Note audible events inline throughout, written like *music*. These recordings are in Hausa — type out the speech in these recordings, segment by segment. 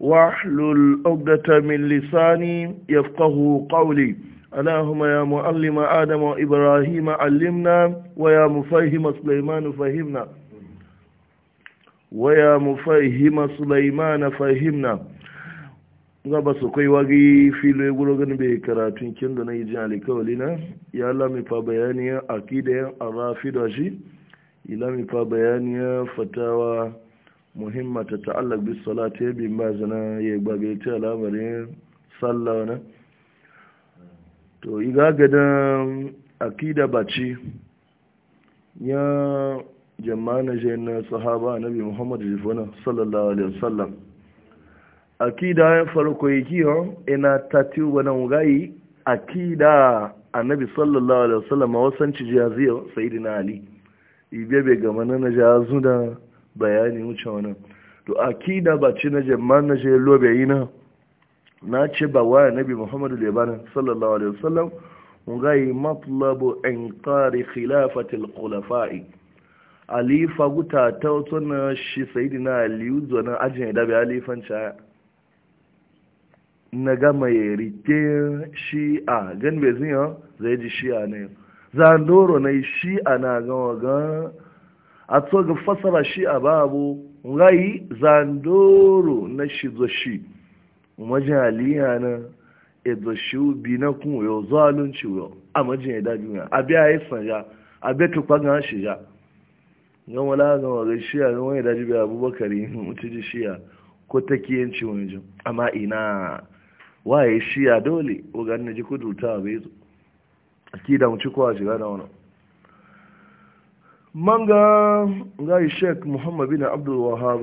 واحلل عقدة من لساني يفقه قولي اللهم يا معلم آدم وإبراهيم علمنا ويا مفهم سليمان فهمنا ويا مفهم سليمان فهمنا nga ba su kai wagi filo ya gudu gani bai karatun kin da na yi jin alikawali na ya lami fa bayaniya akidayen arafi da shi ya lami fa bayaniya fatawa muhimma ta ta'allak bi salati bi bin ba zana ya gbaga ta labarin sallah to iga gada akida baci ya jama'an na sahaba nabi muhammad jifuna sallallahu alaihi wasallam akida ya farko yake ho ina tati wannan gai akida annabi sallallahu alaihi wasallam wasan ci jaziyo sayyidina ali ibebe ga manana jazu da bayani wuce wani to akida ba ci na jama'an na shi lobe yi na na ce ba waya nabi muhammadu lebanon sallallahu alaihi wasallam ngai matlabu kari khilafatil kulafa'i alifa guta ta na shi na aliyu zuwa ajin da dabe alifan ca na gama ya rite shi a gan bezin zai ji shi a ne zandoro na shi a na gama gan a tsoga fasara shi a babu rai zandoro na shi zo shi majaliya na ezo shi bi na kun yo zalunci yo a majin ya dabi ya abi a yi sanya abi tukwa ga shi ya ga wala ga wa shi ya ga wani daji bi abubakar yi *laughs* mutu ji shi ya ko ta kiyanci wani jin amma ina waye shi ya dole ko ga ji ji ta bai zo akida mu ci kowa shiga da wani manga ga sheik muhammad bin abdul wahab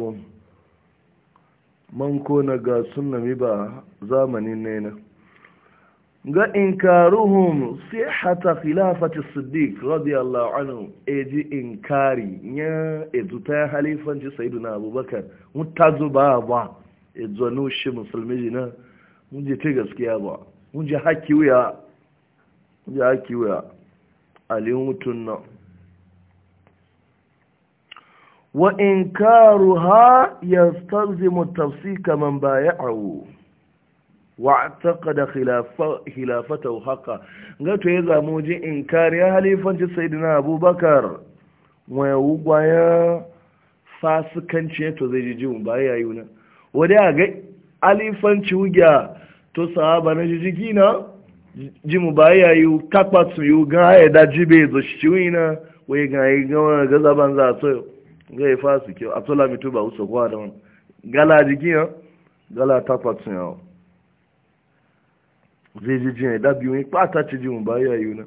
man ko na ga mi ba zamanin ne na ga inkaruhum sihata khilafati siddiq radiyallahu anhu eji inkari ya ezuta halifanci sayyiduna abubakar mutazu ba ba ezonu shi musulmi jina mun je ta gaskiya ba mun ji haki wuya mun na wa tafsi yastalzimu ba ya baya'ahu wa taqada khilafatahu haqa ngato ya zamu ji inkari ya halifanci sayyidina abubakar wa ugwaya fasikanci to zai ji mu baya yuna wada ga alifanci wuga to sahaba na jijiki na ji mu baya yu kakpatu yu ga ya da jibe zo shi wina wai ga ga ga zaban za so ga ya fasu kyau abdullahi tsola mitu ba uso kowa da wani gala jikin ya gala ta fatsun yawa zai ji jina da biyu ne ta ci jimu ba ya yi na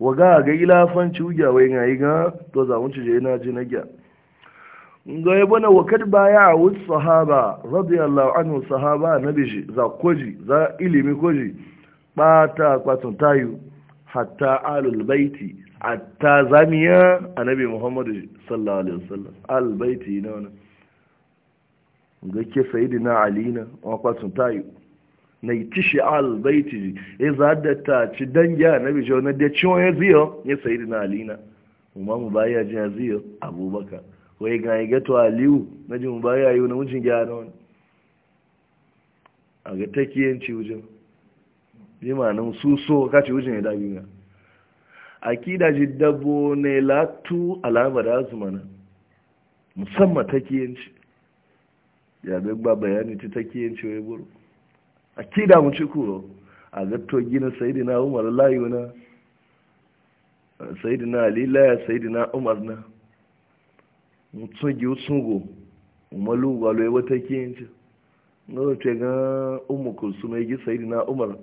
wa ga ga ila ilafanci wuya wai ga yi ga to za ci je na ji na gya ga ya wa kad baya a wuce sahaba radiyallahu anhu sahaba na bishi za koji za ilimi koji ta kwatsun tayu hatta alul baiti a ta zamiya nabi muhammadu sallallahu alaihi wasallam albaiti na wani ga ke sayidi na alina wakwasun tayo na yi tishi albaiti ya e zaɗa ta ci dangi annabi shi wani da ciwon ya ziyo ya sayidi na alina umaru baya ji ya ziyo abubakar wai ga ya gato aliyu na ji mu baya yi wani wucin gyara wani a ga takiyanci wucin ji ma nan su so kaci wucin ya dabi na akida ji dabo ne latu alama da azumana musamman takiyanci ya gba bayani ta takiyanci wai buru akida mu ci kuro a gatto gina sayidina umar layu na sayidina ali laya sayidina umar na mutsugi utsugo umalu walo ya wata kiyanci na wace ga umu kulsuma mai gi sayidina umar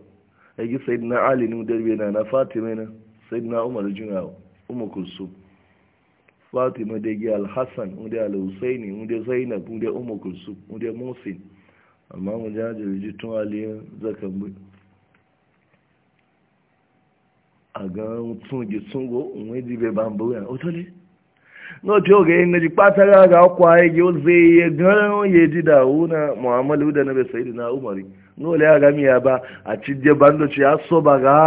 ya gi sayidina ali ne da na na fatima na sai na umar juna umu kulsum fatima da gi alhassan wunde alhussaini wunde zainab wunde umu wunde inda musin amma mu jajir ji tun aliyar zaka bai a ga tun ji sungo wani jibe bambu ya otole náà tí oge gẹ̀ yín nàjí pátára ga ọkọ̀ ayégi ó zai yẹ gan ya ji dawo na muhammadu da na bai sayi na umari náà lè aga miya ba a cije bandoci ya so ba ga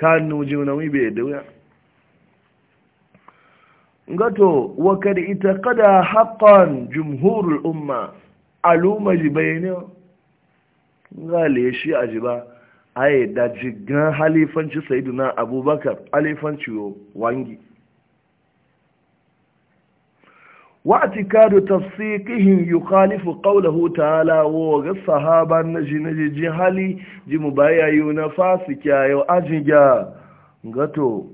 kanu jiunawi be dewa ngato wa kad itaqada haqqan jumhurul umma aluma jibayne ngale shi ajiba aye da jigan halifanci sayyidina abubakar halifanci wangi واعتقاد تصديقهم يخالف قوله تعالى وغ الصحابة نجي نجي جهالي جي مبايا ينفاسك يا أجنجا غتو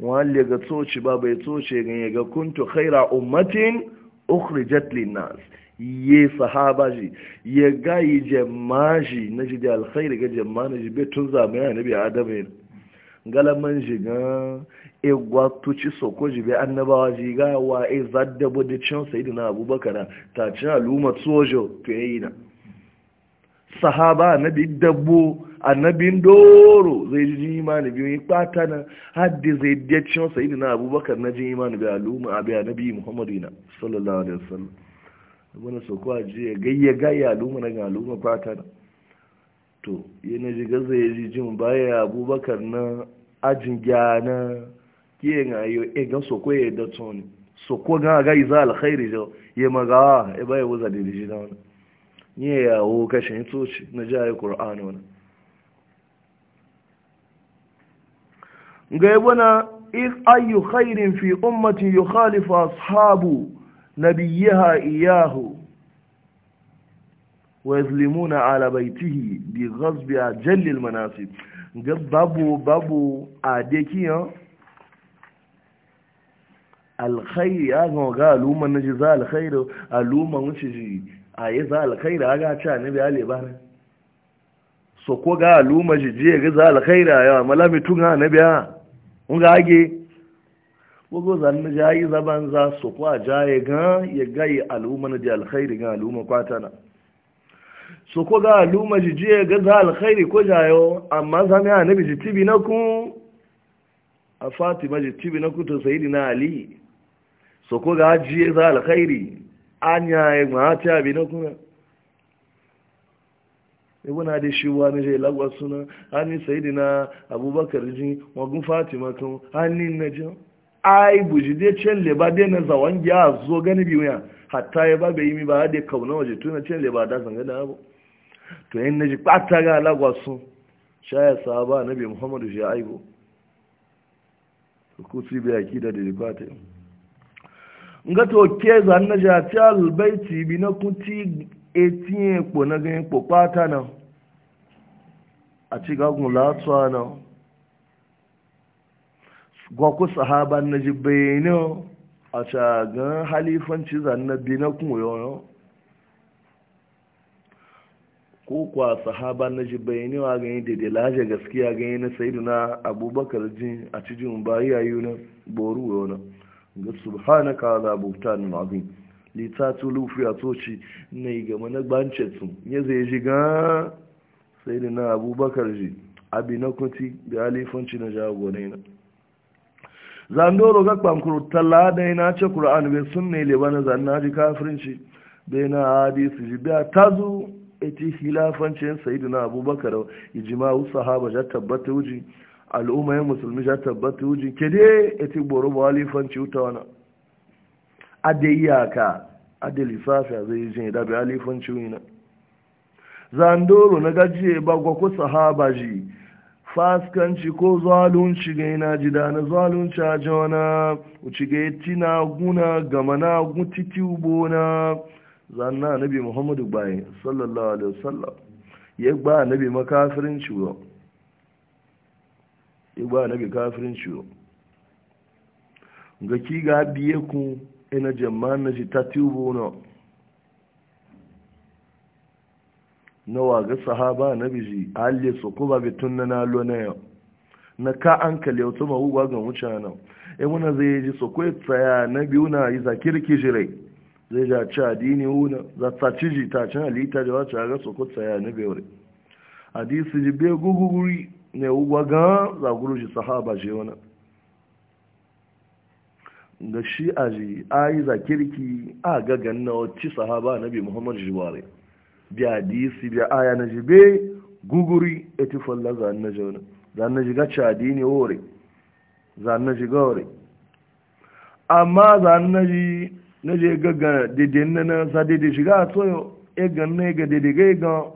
wale ga tsoci ba bai tsoce ganye ga kuntu khaira ummatin ukhrijat linnas ye sahabaji ye gayi jamaji na ji da alkhairi ga jama'a na ji betun zamani annabi adam ne galaman ji ga egwatuci sokoji bai annabawa jiga wa e zaddabo da cin sayidu na abubakar ta cin al'umma tsojo to ya yi na sahaba annabi dabbo annabin doro zai ji imani biyu yi kwata na haddi zai da cin sayidu na abubakar na ji imani bai al'umma a bai annabi muhammadu na sallallahu alaihi wasallam wani soko ji ya gayya gayya al'umma na ga al'umma kwata na to yana jiga zai ji jin baya abubakar na ajin gyana kiye nga yo e ga soko ye e da tun soko ga ga iza alkhairi jo ye maga e ba ye wuza de ji da wani ni ya wo ka shin shi? na ja ye qur'ani wani ga yabona e iz ayu khairin fi ummatin yukhalifu ashabu nabiyyaha iyahu wa yazlimuna ala baitihi bi ghasbi ajallil manasib ga babu babu adekiyan alkhairi ya ga ga aluman na ji za alkhairi, aluman wuce ji a yi za alkhairi a ga ci a nabi ba ne so ko ga alumma ji je ga za alkhairi a yawa malami tun ha nabi ha un ga age gbogbo zan na jayi zaban za so ko a jaye ga ya gayi yi na ji alkhairi ga kwata kwatana so ko ga alumma ji je ga za alkhairi ko jayo amma zami a nabi ji tibi na kun a fatima ji tibi na kuto sayidina ali so ko ga ajiye za alkhairi anya ya mahati abi na kuna ibuna da shi wa ne jai lagwa suna hannun sayidina abubakar ji wagun fatima kan hannun na jin ai buji dai can leba dai na zawon ya zo gani biyu wuya hatta ya ba bai yi mi ba da kauna waje tuna can leba da zanga da abu to yin na ji ɓata ga lagwa sun shaya sahaba nabi muhammadu shi aibu ku ci bai akida da jikwata yau nga to ke zan na ja ti albaiti bi na kuti etin epo na gan epo pata na a ci gagun latsuwa na gwaku sahaban na ji bayani a shagan halifanci zan na bi na kun yoyo ko kwa sahaba na ji bayani wa gani da da laje gaskiya gani na sayyiduna na abubakar jin a cikin bayi a yi na boru ga subhanaka za buktanin azim litatu lufi a toci na yi gama na gbancetun ya zai ji ga sai da na abubakar ji abi na kuti da alifanci na jagonai na zandoro ga kwamkuru talla da yana ce kur'an bai sun ne libanin zanna ji kafirinci bai na hadisi ji biya ta zo eti hilafancin sai da na abubakar ijima'u sahaba ja tabbata wuji al'ummar musulmi ya tabbata wujin ke dai eti gboro ba alifanci wuta wani ade iyaka ade lissafi a zai jin dabe alifanci wina zandoro na gajiye ba gwakwa sahaba ji faskanci ko zalunci ga yana ji da na zalunci a wana wuce ga yi na guna gama na gutiti na zanna nabi muhammadu bayan sallallahu alaihi wasallam ya gba nabi makafirin ciwo igba na bi kafirin ciwo ga ki ga biye ku ina jama'an na ji ta tubu na nawa ga sahaba na biji alle su kuma bitun na nalo na yau na ka an kale wata mahuwa ga wuce nan in e wani zai ji su kwai tsaya na biyu na yi zakir kijirai zai ja ci adini wuna za ta ci ji ta cin halitta da wacce ga su kwai tsaya na biyu hadisi ji be guguguri ne waga zaguru shi sahaba shi wani da shi a ji a yi za kirki a gagan na wacce sahaba na bi muhammadu shiware biya disi biya aya na be guguri etifon la za na wani za na jiga cadi ne wore za na ji gawore amma za na ji na je gaga dede na na sa dede shiga a tsoyo egan na e ga dede ga egan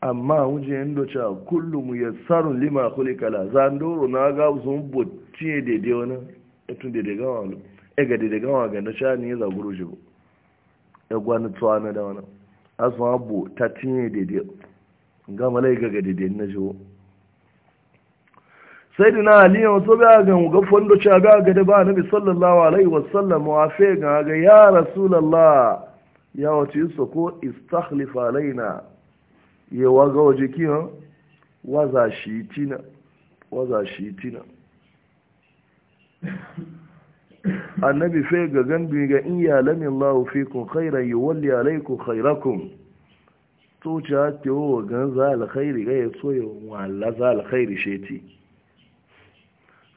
amma yadda doce kullum ya tsarin lima a zandoro e na e e ga sun bocci daidai wani etun daidai gawa wani ga daidai gawa ga na sha ne ya zaguru shi bu ya gwani tsawa na da wani asu abu ta cinye daidai ga malai ga daidai na shi sai dina aliyu wato a ga ga fondo cha ga ga da ba nabi sallallahu alaihi wasallam wa fe ga ga ya rasulullah ya su ko istakhlifa alaina ya waga waje kiyan waza shi tina waza shi tina annabi fai ga gandu ga in ya lamin lahu fi kun khairan yi walli alaiku khairakun to ci hake wa gan za alkhairi ga ya so ya wala za alkhairi sheti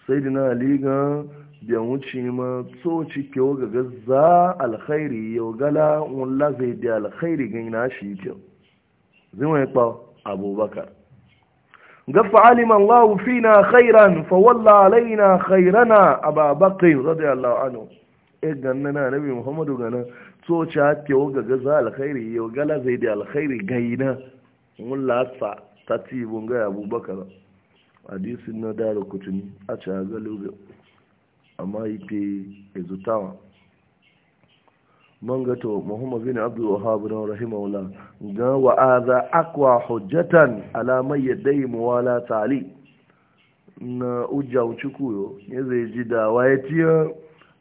sai dina ligan biyan wuce ma to ci ke wa ga za alkhairi yau gala wala zai da alkhairi ga na shi kyau zai abubakar ga aliman Allah na khairan fa walla alaina khairana ababakar radiyallahu anhu e ganna na nabi muhammadu gana so ci ke ga ga za alkhairi yau gala zai da alkhairi gaina mulla sa tatibun gaya abubakar hadisin na dara kutuni a cha ga lugo amma yake izutawa mangato gato muhammad bin abdul wahhab bin rahimahullah ga wa aza akwa hujjatan ala mai yadai muwala tali na ujja wuci kuyo ne zai ji da waye tiya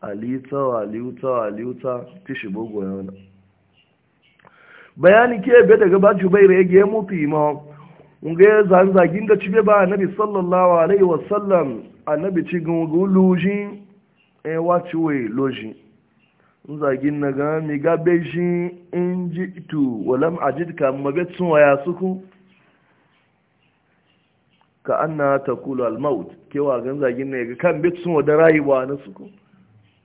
alita waliuta waliuta tishi bugu ya wani bayani ke be daga ba jubair ya ge mu fima unga zan zagin da cibe ba annabi sallallahu alaihi wasallam annabi ci gulu jin e eh, wa ciwe lojin zagin na ga mi gabe shi in ji itu walam ajid ka magatsun waya suku ka anna ta kula almaut kewa gan zagin na ga kan bitsun wa da rayuwa na suku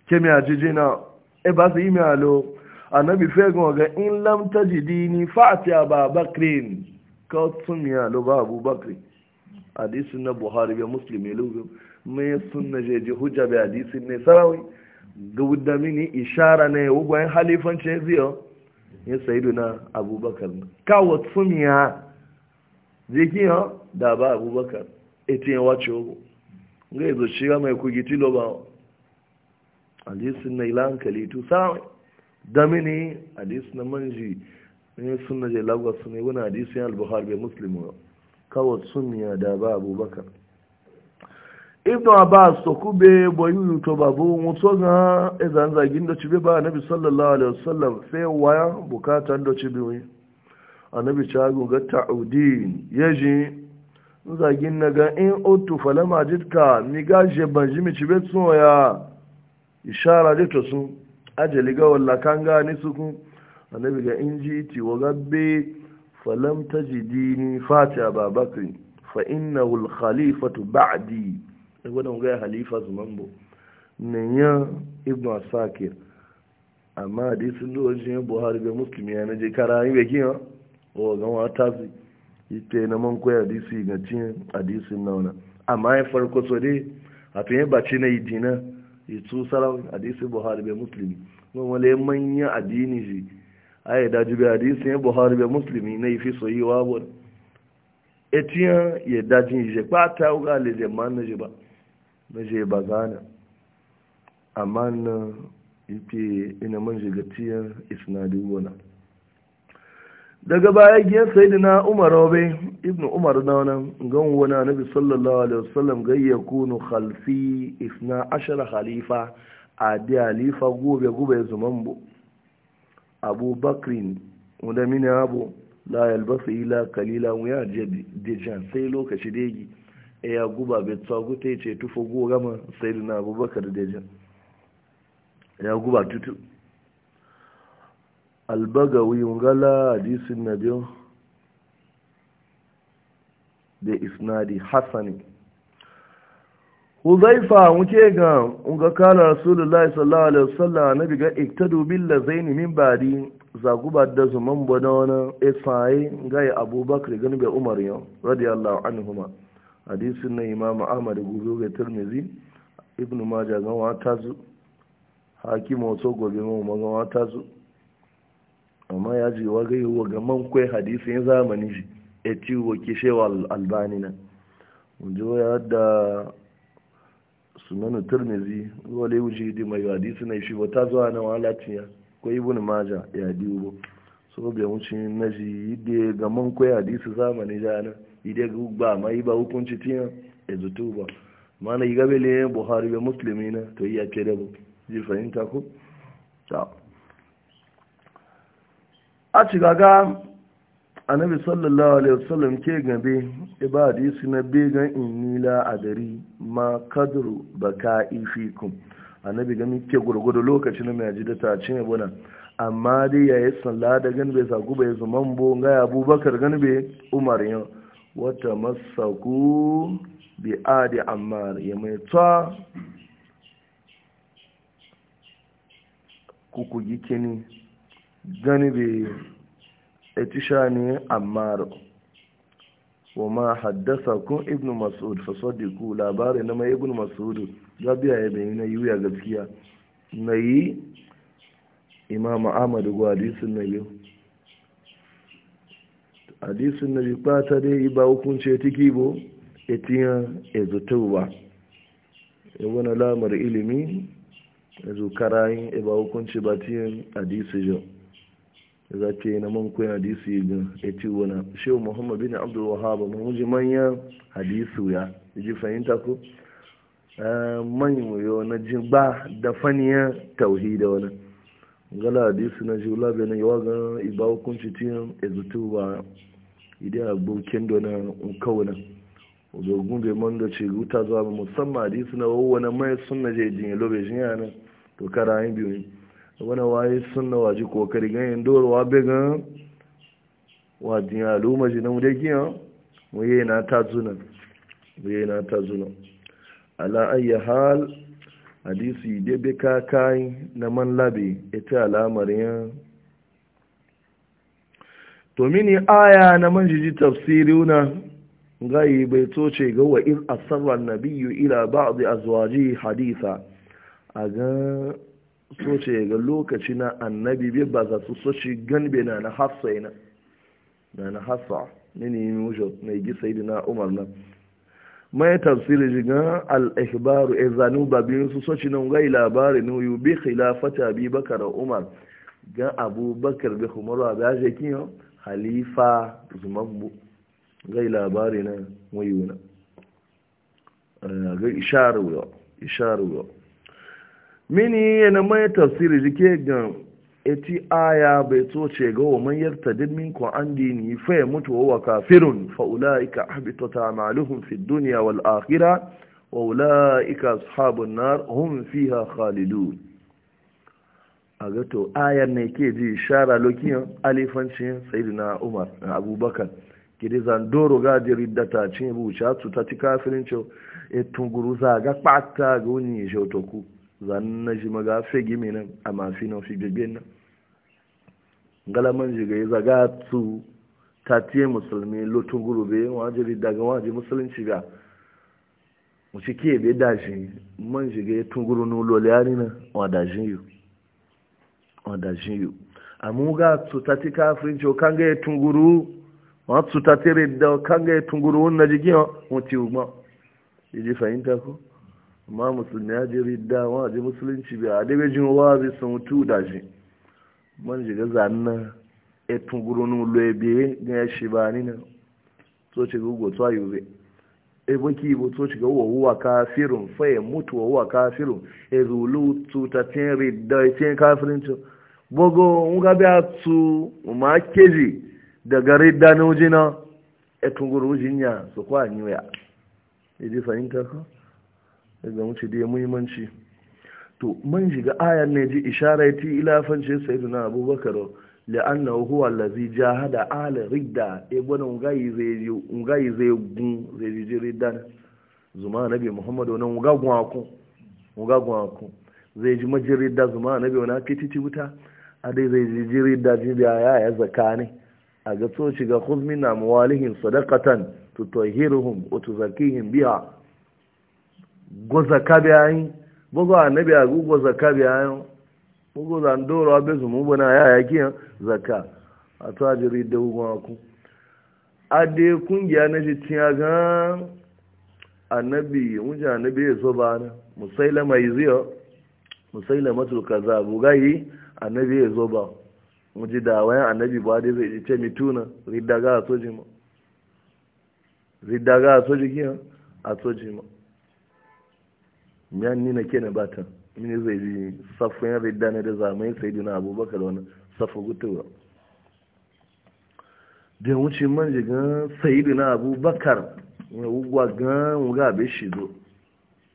ke mi ajiji na e ba su yi mi alo annabi fegun ga in lam tajidi ni fa'ati aba bakrin ka tsun mi alo ba abu bakrin hadisin na buhari bai muslimi ne lugu mai sun na jeji hujja bai hadisin ne sarawai ga wadda mini ishara ne yau gwayin halifancin ziyo ya sayidu na abubakar kawo tsumiya zikiyo da ba abubakar etin wace ogun ga izo shiga mai kugi tilo ba alisun na ila hankali tu sami damini alisun na manji ne sun na je lagos ne wani alisun al-buhari bai muslimu kawo tsumiya da ba abubakar ibn abbas to kube boyin to babu mutu ga idan zagin da cibe ba annabi sallallahu alaihi wasallam sai waya bukatan da cibe wai annabi ta ga ta'udin yaji zagin na ga in utu falama jitka mi ga je banji mi cibe tsoya ishara da to sun ajali ga walla kan ga ni su kun annabi ga in ji ti wa gabbe falam tajidini fatiha babakri fa innahu al khalifatu ba'di wadda ga halifa zuman bu nan ya ibn asakir amma hadisin lokacin buhari bai muslim ya na je kara yi bai kiyan o ga wa tazi ite na man koya hadisi ga cin hadisin nauna amma ya farko so dai a tun yi baci na idina itu sarawin hadisi buhari bai muslim don wale manyan addini shi a yi daji bai hadisi ya buhari bai muslimi na ifi so yi wa wani etiyan ya dajin je ba ta wuga lejeman na je ba na je bagana amma na ife ina man shigatiyar isnadi wana daga baya giyar sai na umar obe ibn umar na wani gan na bi sallallahu alaihi wasallam gayya kunu khalfi isna ashara khalifa a di halifa gobe gobe zuman bu abu bakrin wanda mini abu la yalbasa ila kalila wuya dijan sai lokaci degi ya guba bai tsagu ta ce tufa goma sai na abubakar da jan ya guba tutu albagawi ngala hadisin na biyu da isnadi hassani huzaifa wuce ga unga kala rasulullahi sallallahu alaihi wasallam biga ga iktadu billazaini min badi zaguba da zuman bana wani esaye ga abubakar gani bai umar yau radiyallahu anhuma hadisin na imam ahmad guzo ga tirmizi ibn maja gan wata zu hakim wasu gobe mu ma ta wata zu amma ya ji wa gai wa ga man kwai hadisin zamani shi ya ci wa kishewa albani na wajen ya da sunan tirmizi lewu shi di mai hadisi na shi wata zuwa na wala tiya ko ibn maja ya diwo so bai wuce naji da ga man kwai hadisi zamani jana ide gugba ma yi ba hukunci tiyan ezutu ba mana yi gabe le buhari be musulmi na to yi ake da bu ji fahimta ku ta a ci gaga annabi sallallahu alaihi wasallam ke gabe iba e hadisi na began nila a dari ma kadru baka'i fikum annabi gami ke gurgudu lokacin mai ji da tace buna amma dai yayi sallah da ganbe sa gubai zuman bo ga abubakar ganbe umar yau wata masaku bi adi ammar ya mai tsa kuku gikini gani bi etisha ne ammar wa ma haddasa kun ibn mas'ud ku labari na mai ibn mas'ud gabiya ya bayi na yiwuya gaskiya na yi imam ahmadu gwadi sun na yi. hadisin na ji fata dai ba hukunce tiki bo etiyan ezotowa ya wani alamar ilimi yanzu karayin ba hukunci ba tiyan hadisi jo za ke na man kuwa hadisi ga eti wani shehu muhammad bin abdul wahab mun ji manya hadisu ya ji fahimta ko eh, manyan wuyo na ji ba da faniya tauhida wani gala hadisi na ji wula bai na yawa ga iba hukunci tiyan ezotowa idi agbon kendo na kawana ozogun bai man da ce zuwa ba musamman na suna wawana mai sunna je jin na bai to kara an biyu ne wani waye sunna waji kokari ganyen dorowa bai ga wajin yalo maji na mudai giyan mu yi na ta zuna mu yi na ta zuna ala ayya hal hadisi dai bai kakai na man labe ita alamarin to mini aya na manjiji tafsiri una gai bai toce ga wa iz asarra nabiyyu ila ba'd azwaji haditha a ga soce ga lokaci na annabi bai ba za su soci ganbe na na hafsa ina na na hafsa ne ne mujo ne gi sayyidina umar na mai tafsiri jiga al-ihbaru izanu e babin su soci nan gai labari ne yu bi khilafati abubakar umar ga abubakar bi umar ba ya je kiyo halifa zumabbu gai labari na wayuna eh, ga isharuwa mini yana mai tafsiri jike ga eti aya bai toce ga wa mayar tadimmin ko an dini fa ya mutu wa kafirun fa ulaika ta maluhun fi duniya wal akhirah wa ulaika ashabun nar hum fiha khalidun a ga to ayar ne ke ji shara lokiyan alifancin na umar abubakar kiri zandoro ga jirida ta cin ibu shatu ta ci kafirin cewa etun guru za ga kpata ga wani shautoku zan na ji maga fegi mai nan a mafi nan fi gbegbe nan galaman jiga ya zaga su ta tiye musulmi lotun guru bai ga waje musulunci ga mu ci ke bai dashi man jiga ya tun guru nulo liyari na wa dashin yiwu wanda shi amuga tutati kafin ce kanga ya tunguru ma tutati redda kanga ya tunguru wani na jikin fahimta ko ma musulmi ya ji ridda wa ji musulunci bai adabe jin wa bi san mutu da man jiga zanna e ya tunguru nun lobe ga ya shi ba ni na so ce gugu to ayu be e boki bo to wa kafirun fa mutu wa kafirun e zulu tutatin ridda e tin kafirin to bogo nga be su ma keji daga ridda na ujina e tunguru ujinya so kwa nyoya idi fahimta ko daga mu ce da muhimmanci to man shiga ayan ne ji ti ila fanci na abubakar la'annahu huwa allazi jahada ala ridda e bona ngai zai ngai zai gun zai ji ridda zuma nabi muhammad wannan ngagun aku ngagun akun zai ji majiridda zuma nabi wannan fititi wuta adai zai ji jiri da jibiya ya ya zaka ne a ga to shiga khuzmin na muwalihim sadaqatan tutahhiruhum wa tuzakihim biha go zaka yi. bugo annabi agu go zaka biyayi bugo zan doro abe su mu bana ya ya kiyan zaka a to ajiri da ugun aku ade kungiya na shi tiya ga annabi unja annabi ya so na musailama yiziyo musailama tul kazabu gayi annabi ya zo ba mu ji da wayan annabi ba dai zai ce mituna ridda ga a soji ma ridda ga a soji kiya a soji ma miyan nina ke na bata mini zai ji safin ridda ne da zamai sai dina abubakar wani safa gutuwa da wuce man jigan sai dina abubakar mai ugwa gan wuga bai shi zo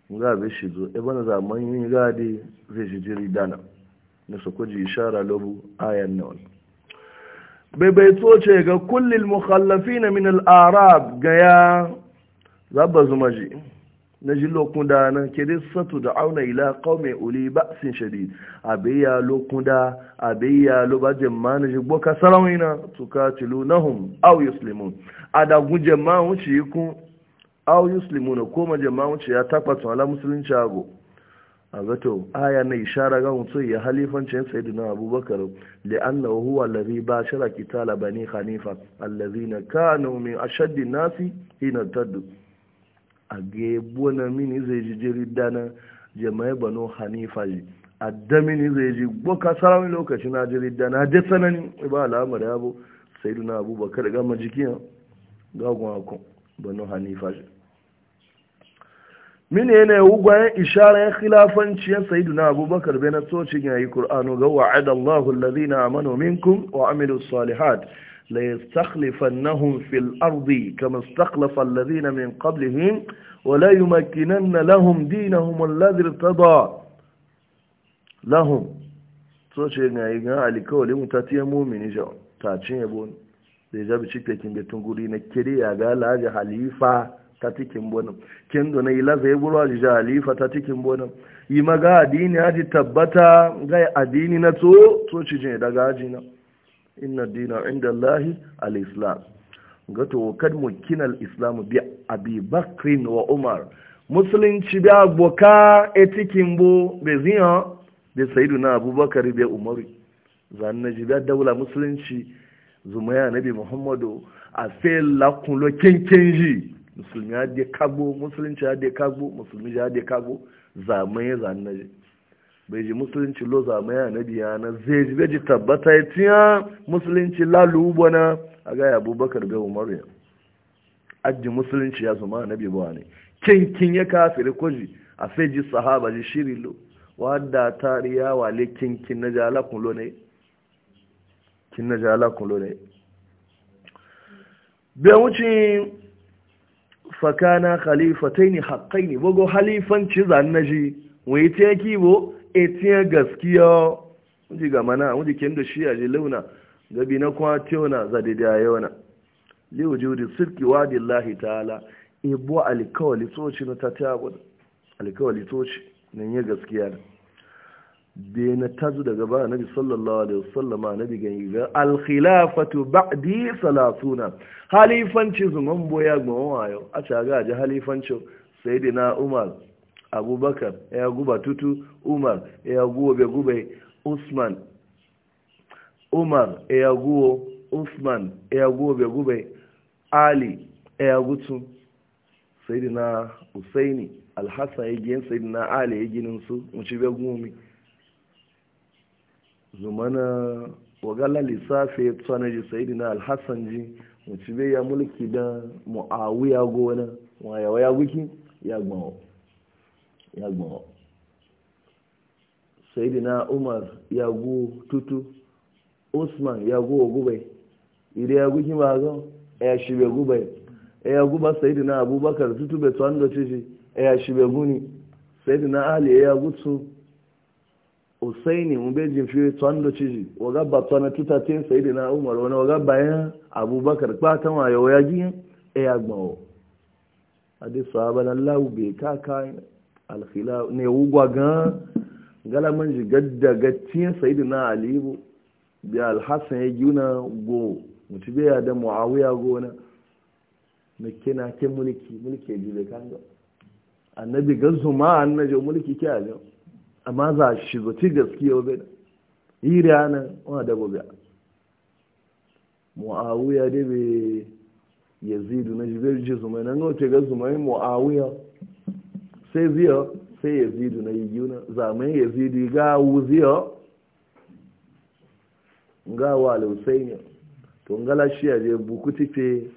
wuga bai shi zo ebe na zamani gadi zai shi ji ridda na na kuji ishara lobu ayan na bai baibaito ce ga kullil mukhallafi na min al'arab ga ya zaba zuma ji na ji lokunda na kiri satu da auna ila kaume uli ba sin shadi abiya lokunda abiya loba jama'a na ji boka sarawina tuka tilu nahum au da adagun jama'a wuce yi kun au na koma jama'a wuce ya takwata ala musulunci ago a zato aya na ishara ga mutum ya halifancin sayyidina abubakar li'anna huwa allazi bashara kitala bani hanifa kano kanu min ashaddi nasi hina taddu a na mini zai ji jiridana jama'a banu hanifa ji addamini zai ji boka sarawin lokacin na dana da sanani e ba al'amari abu sayyidina abubakar ga majikiya ga gwakon banu hanifa ji mini ne ugwayen isharar khilafanciyar sayiduna abubakar bai na tocin yayi ƙur'anu ga wa'ad allahu na amanu minkum wa amiru salihad la yastakhlifannahum fil ardi kama lalzi na min qablihim wa la yumakkinanna lahum dinahum alladhi irtada lahum tocin yayi ga alikawli mu mu'mini jaw ta cin yabo da jabi cikin betun guri na kiriya ga laji halifa ta cikin bonin kin dona ila zai jalifa ta cikin bonin yi maga adini haji tabbata gai adini na to to ci jin daga haji na inna dina inda Allahi al-islam ga to kad al-islam bi abi wa umar musulunci bi aboka e cikin bo be ziyan da sayyiduna abubakar be umaru zanna ji da daula musulunci zumaya nabi muhammadu a fe lakun lo kenkenji musulmi ya de kago musulunci ya de kago musulmi ya de kago zamai zan na bai ji musulunci lo zamai ya na biya na zai ji bai ji tabbata ya tiya ah, musulunci lalu na a ga abubakar bai umaru ya ajji musulunci ya zama na bi ba ne kinkin ya kafiri kwaji a sai ji sahaba ji shiri lo wadda tariya wale kinkin na jala kulo ne kin na jala kulo ne bai wuce fakana khalifatai ne haƙƙai ne bugu halifanci zannaji wai ta yaki kibo a e tiya gaskiya wuji ga mana wuji kin da shi a ji launa gabi na kwa tiyona za da da yawana liyu juri sirki wa dillahi ta'ala ibo e alkawali toci na ta tabo alkawali toci nan ya gaskiya ne bai na tazu daga ba nabi sallallahu alaihi wasallam nabi ganyi ga alkhilafatu ba'di salasuna halifanci zuman boya gmawa wayo a caga ji halifanci sayyidina umar abubakar ya guba tutu umar ya guwa bai gube usman umar ya guwa usman ya guwa bai gube ali ya gutu sayyidina usaini alhassan ya gina sayyidina ali ya ginin su mu ci bai gumi zumana wagala lissafi ya tsana ji sayidi na alhassan ji mace bai ya mulki da ya gona wayawa ya guki ya gbawo ya gbawo sayidi na umar ya gu tutu usman ya gu gubai ire ya guki ba zo ya shi bai gubai ya guba sayidi na abubakar tutu bai tsawon da ce shi ya shi bai guni sayidi na ali ya gutsu usaini mu bejin fiye tsohon da ciji waga ba tsohon tuta te sai da na umar wani gaba bayan abubakar kwatan yau ya gini a ya e, gbawo adi sahaba na lau bai kaka alfila ne wugwa gan galaman ji gadda gattiyan sai da na alibu bi alhassan ya gina go mutu bai da muawiya gona na kina ke mulki mulki ya ji bai kan annabi gazzuma annajo mulki ke a jau amma za a shigo ci gaskiya wabe yi ranar wa da gobe mu'awuya da bai yazidu na jibir ji zumai nan wace ga zumai mu'awuya sai ziyo sai yazidu na yi yuna zamai yazidu ga wuziyo ga walausai ne to ngala shi a je bukuti fe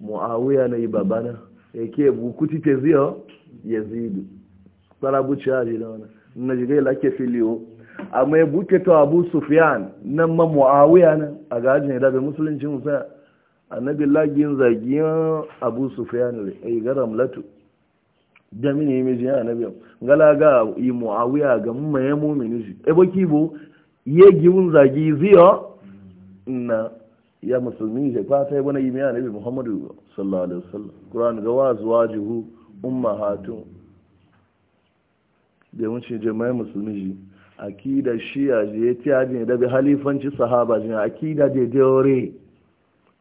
mu'awuya na yi babana ya ke bukuti fe ziyo yazidu tsara buci a je da wani na jigai ake filiyo a mai buke ta abu sufiyan nan ma mu'awiya nan a gajin ya dabe musulunci musa annabi lagin zagiyan abu sufiyan ne ai garam latu da mini mai jiya annabi ngala ga yi mu'awiya ga mun mai mu'mini shi e baki bo ye giun zagi ziyo na ya musulmi je fa sai bana yi mi annabi muhammadu sallallahu alaihi wasallam qur'an ga wa zuwajuhu ummahatun da yawancin jama'i musulmi ji akida shiya ji ya tiya ji da bi halifanci sahaba ji akida da dore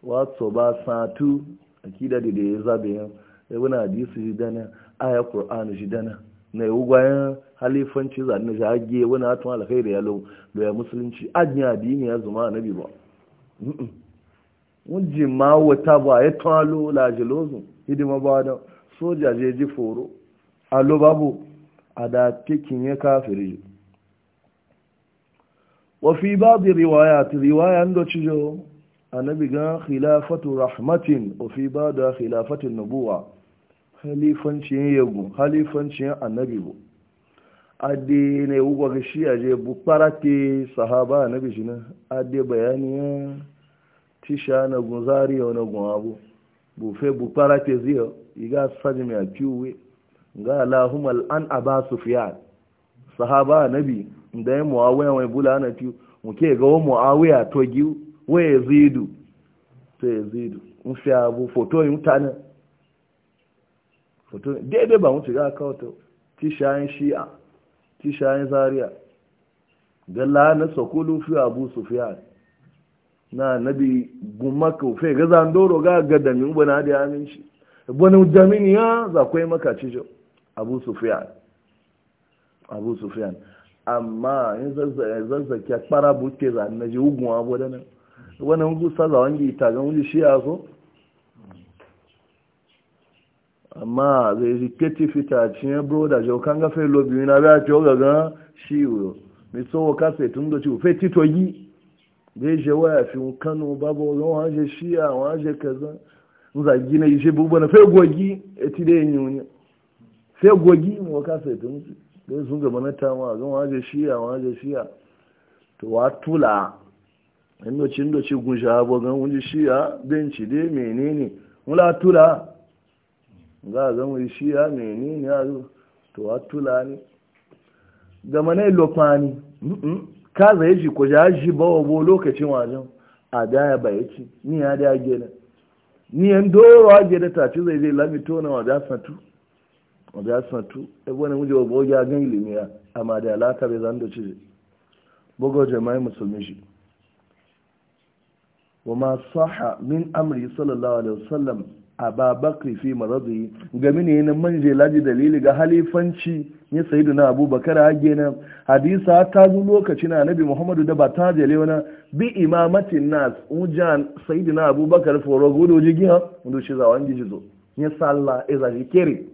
wato ba satu akida da da ya zabe yan ya e wani hadisi ji dana aya qur'an ji dana na yau gwayan halifanci za na jage wani hatun alkhairi ya yalo da ya musulunci adini adini ya zuma nabi ba wujin ma wata ba ya talo lajilozu hidima ba da soja je ji foro alo babu a da ya kafiri wafi ba da riwaya ta riwayan da cijo annabi gan khilafatu rahmatin wafi ba da khilafatin nubuwa halifancin yagu halifancin annabi bu ade ne ga shi aje bu sahaba annabi jina na ade bayani tisha na gunzari na gun bu fe bu ziyo iga sajimi a kiwe ga Allahumma al'an Aba Sufyan sahaba nabi da ya muawiya mai bulana ti muke ga wa muawiya to gi wa yazidu to yazidu mun fi abu foto yin tana foto daidai ba mun shiga kawato shayin shi'a shayin zaria ga na sokulu fi abu sufyan na nabi gumaka fe ga zandoro ga gadamin bana da aminci shi bana damin ya zakwai maka cijo abu sufiyan abu sufiyan amma yin zazzaki kpara buke za na ji ugun abu da nan wani hungu saza wangi itagen wuli shi ya so amma zai ji keti fita cinye broda jau kan gafe lobi yana biya ce oga gan shi yiwu mai tsoho kasa tun da ciwo fai tito yi zai je waya fi kano babu zan wajen shiya wajen kaza zagi na yi shi bubu na fai gogi eti da yin yi sai gogi mu ka sai tun dai sun gaba na tama zan waje shiya waje shiya to wa tula inda do cin do ci gunja bo ga wunji shiya benci dai menene mula tula a ga mu shiya menene ya to wa tula ne gama ne lokmani ka zai ji ko ji ba bo lokacin wajen a daya ba yake ni ya da gele ni yan doro a gele ta ci zai zai lamito na satu wanda ya sanatu ebe ne muje wa ya gan ilimi ya amma da alaka bai zan da ci bugo jama'i musulmi shi wa ma saha min amri sallallahu alaihi wasallam ababakar fi maradi gami ne na manje laji dalili ga halifanci ya sayidu na abubakar hage na hadisa ta zo lokaci na nabi muhammadu da ba ta jele wani bi imamatin nas ujan sayidu na abubakar foro gudu jigin ha wanda shi zawon gijizo ya salla iza jikere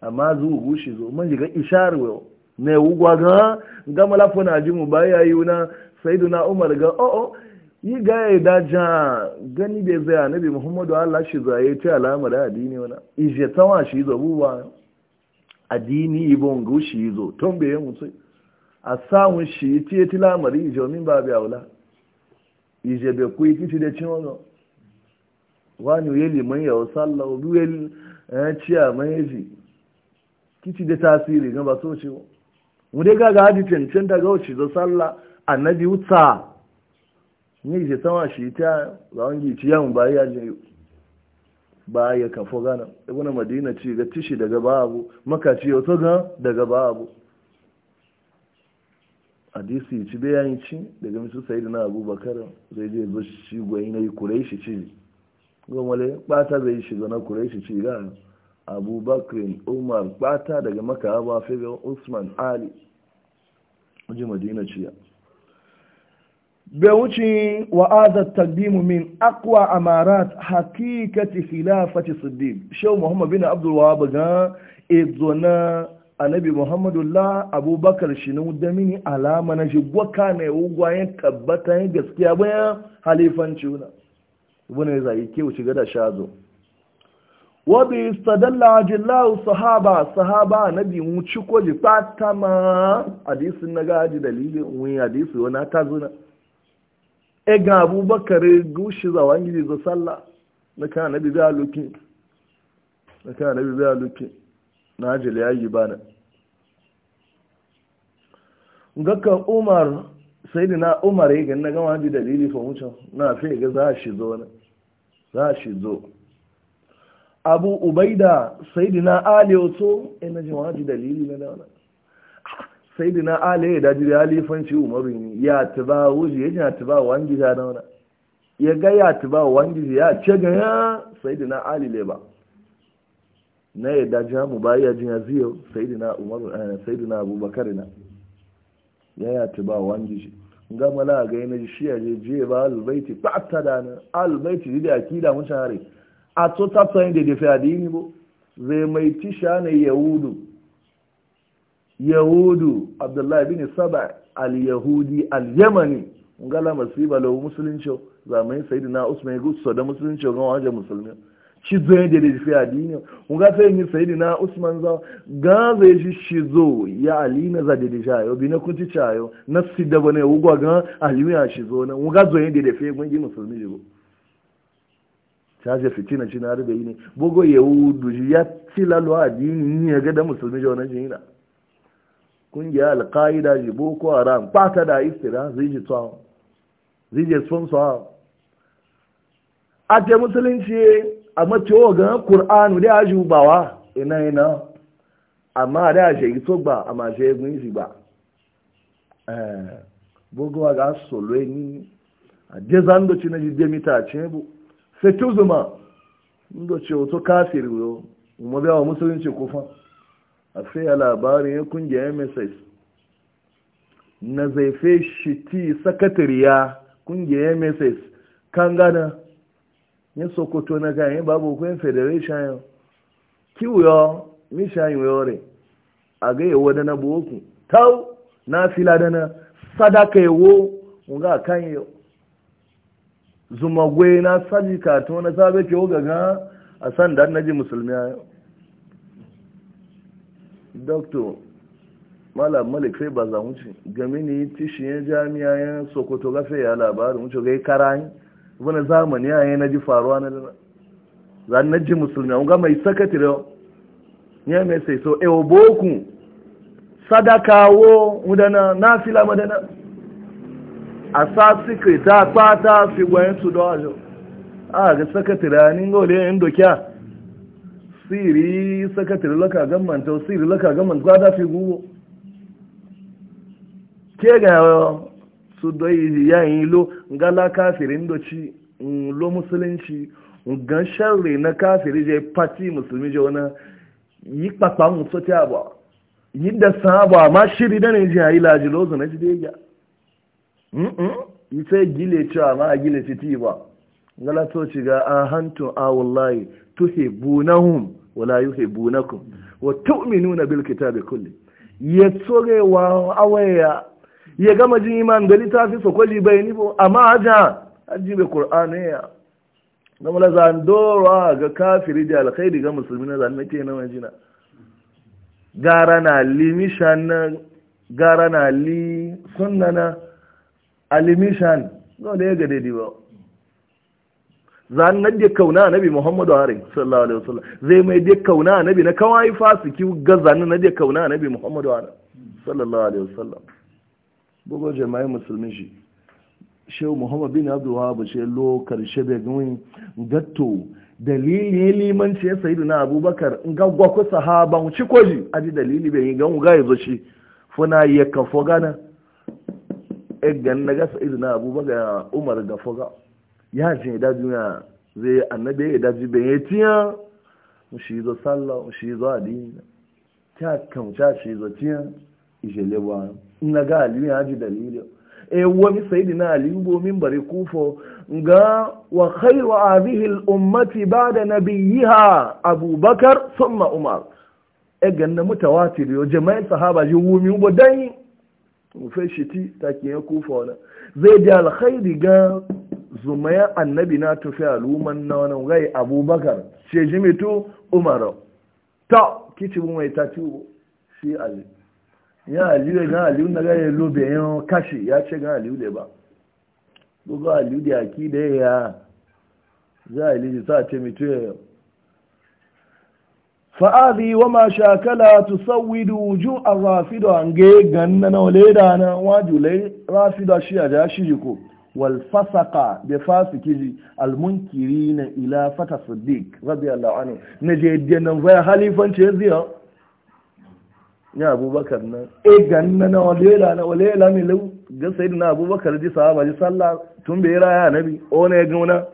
amma zuwa gushi zo man jiga ishar wa ne wugwa ga ga malafu na ji mu ya yi na sayyiduna umar ga o oh, o oh, yi ga ya da ja gani bai zai annabi muhammadu allah shi zaye ta alama da addini wana ije tawa shi zo buwa addini ibon gushi zo ton bai mu sai a samun shi ce ti lamari ije min ba bi aula ije be ku yi da cin wani wani yeli man yawo sallah biyu yeli eh, ciya man yaji kici da tasiri ga ba so ce ba mu dai ga gadi hadi cancan daga wuce da sallah annabi wuta ni je sama shi ta wangi ci yawon ba ya je ba ya kafo gana ibn madina ci ga tishi daga babu maka ci yau ga daga babu hadisi ci yayin ci daga misu sayyidina abubakar zai je zo shi gwai na yi kurai shi ci gomale ta zai shiga na kurai shi ci gana abubakar umar bata daga maka ba ga usman ali waje madina ciya bewuci wa'azar takdimu min akwa amarat hakikati khilafati siddiq shehu muhammad bin abdulwahab ga izona annabi muhammadu la abubakar shi na mini alama na shi gwaka na yau tabbata yin gaskiya bayan halifan ciuna wani zai ke wuce gada shazo wabi istadalla jillahu sahaba sahaba nabi mu ci ko li fatama hadisin na gaji dalili wani hadisi wani ta zuna e ga abubakar e gushi za wani ji za salla na kan nabi biya luki na kan nabi biya luki na ajiyar yayi bana ngaka umar sai e na umar yake na gama wani dalili fa wucin na fi ga za shi zo na za shi zo abu ubaida sayidina ali oto ina ji wani dalili na da ah, wani sayidina ali ya daji da halifanci umaru ne ya tiba wuji ya jina tiba wangi ya wani ya ga ya tiba wangi ya ce ga ya sayidina ali le ba na ya daji ha mu baya jin ya ziyo sayidina umaru eh, sayidina abubakar na ya ya tiba gama la ga yana shi ya je je ba albaiti ba ta da na albaiti da akida mun a to tattalin da dafi adini bo zai mai tisha ne yahudu yahudu abdullahi bin saba al-yahudi al-yamani ngala masiba lo musulunci zamanin sayyidina usman gutsu da musulunci ga wajen musulmi shi zo yin da fi adini nga sai ni sayyidina usman za ga zai shi shi zo ya ali na za da da yo bi na kunti chayo na sidda bane ugwa ga ali ya shi zo na nga zo da da fi mun musulmi go caje fitina shi na harbe ne bugo ya shi ya ci lalo ni ya ga da musulmi shi wannan jina kungiya alqaida shi boko haram pata da istira zai ji tsawo zai je sponsor a ce musulunci a macewa ga qur'anu da aji bawa ina ina amma da aje yi sogba a je gun shi ba eh bugo ga solo ni a je zando ci na ji demita ce bu fetu zuma ndo ce wato kafiri yo kuma biya wa musulunci kufa a fiye labarin ya kungiyar mss na zaife shi ti sakatariya kungiyar mss kan gana ya sokoto na ganyen babu kuyin federation yau kiwuyo mishayin yore a ga yawo dana na buwoku tau na fila dana sadaka yawo ga kan yau zuma gwe na saji kato na sabe ke oga ga a san da naji musulmi a yau doktor malam malik sai ba za wuce game ne tishiyar jami'a ya sokoto gafe ya labarin wuce ga yi karayi wani zamani ya yi na ji faruwa na dana za na ji musulmi a wuga mai yau ya mai sai so ewo boku sadakawo wudana na fila madana a sa sikri ta ta fi gwayin su da wajo a ga sakatira ni ga wale yin dokiya siri sakatira laka gamman ta siri laka gamman ta fi gugu ke ga su doyi yayin lo ngala kafirin doci lo musulunci gan sharri na kafiri je pati musulmi je wani yi kpakpa mutu ta ba yi da a ma shiri da ne je a yi lajilozu na jide ya sai hmm? gile cewa ma a gile fiti ba to ci ga a hantu a wallahi tuhibbunahum wala yuhibbunakum wa tu'minuna bil kitabi kulli ya wa awaya ya gama jin iman da fi so kwaji bai ni amma aja ajibe qur'ani ya na mula zandora ga kafiri da alkhairi ga musulmi na zan nake na majina gara na li mishan gara na li sunnana alimishan no ne ga daidai ba zan nan da kauna nabi muhammadu hari sallallahu alaihi wasallam zai mai da kauna nabi na kawai fasiki ga zanen nan da kauna nabi muhammadu hari sallallahu alaihi wasallam bugo jama'i musulmi shi shehu muhammad bin abdul wahab shi lo karshe da gani gatto dalili limanci ya sayidu na abubakar ga gwa ko sahaban ci koji aji dalili bai ga mu ga yazo shi funa ya kafo gana egan na gasa abu abubakar umar ga foga ya ce ya daji na zai annabi ya daji bai ya tiya shi zo sallah shi zo adini ta kamca shi zo tiya ijele ba na ga aliyu ya ji dalilin e wani sayidi na aliyu gomin bari kufo ga wa khairu azihi ummati ba da nabiyiha abubakar summa umar egan na mutawatir yo jama'in sahaba ji wumi ubo dai rufe shi ti take ya kufa wani zai da alkhairi ga zumaya annabi na tufi al'umman na wani gai abubakar ce jimitu umaru ta kici bu mai ta ci shi ali ya aliyu ga aliyu na gaya lobe yan kashi ya ce ga aliyu da ba buga aliyu da aki da ya za a aliyu sa ce mito ya yau fa'azi wa ma shakala tu ju wuju a rafido an ganna na wale da na wajulai rafido shi a ja shi jiko wal fasaka da fasiki ji almunkiri na ila fata siddiq rabbi allah anu na je nan vaya halifan ce ziyo ya abubakar nan e ganna na wale da na wale da mai lau ga sai na abubakar ji sahaba ji sallah tun bai raya nabi o na ya gauna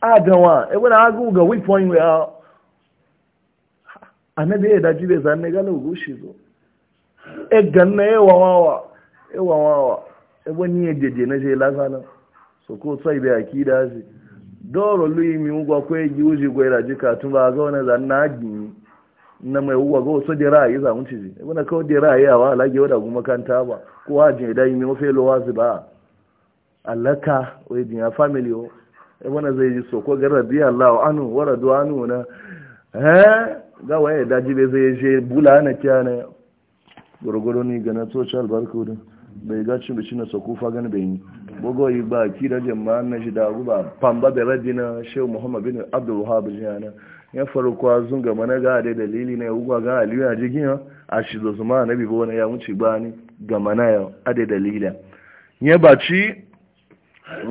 a gawa e wani agu ga wipoin wa annabi ya daji bai zane gala gushi zo e ganna ya wawawa ya wawawa e wani ya jeje na je lasalan so ko sai bai akida shi doro lui mi ugwa ko yi uji go da jika tun ba ga wani zan na gi na mai ugwa go so de ra'ayi za mun ci ji ibuna ko de ra'ayi awa lage wada guma kanta ba ko haje dai mi ofelo wazi ba Alaka, wai din ya family o ibuna zai ji so ko biya Allah anu wara waradu anu na eh ga waye daji bai zai je bula na kyana gurguru ni ga na social barcode bai ga cin bici na sakufa gani bai yi yi ba da jama'a na shi da ba pamba da radina shehu muhammad bin abdul wahab jiyana ya farko zun ga mana ga da dalili na ugwa ga aliyu a jigin a shi zo zuma na bibo wani ya wuce ba ni ga mana ya ade dalila ya baci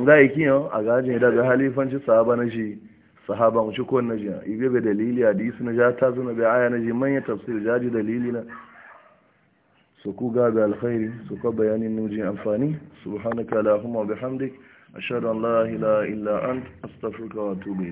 ga yake a gajin daga halifanci sahaba na shi sahaba mu shiko na jiya ibe be dalili hadisi na ja ta zuna be aya na ji manya tafsir ji dalili na su ku ga ga alkhairi su ka bayanin nujin amfani subhanaka allahumma bihamdik ashhadu an la ilaha illa ant astaghfiruka wa atubu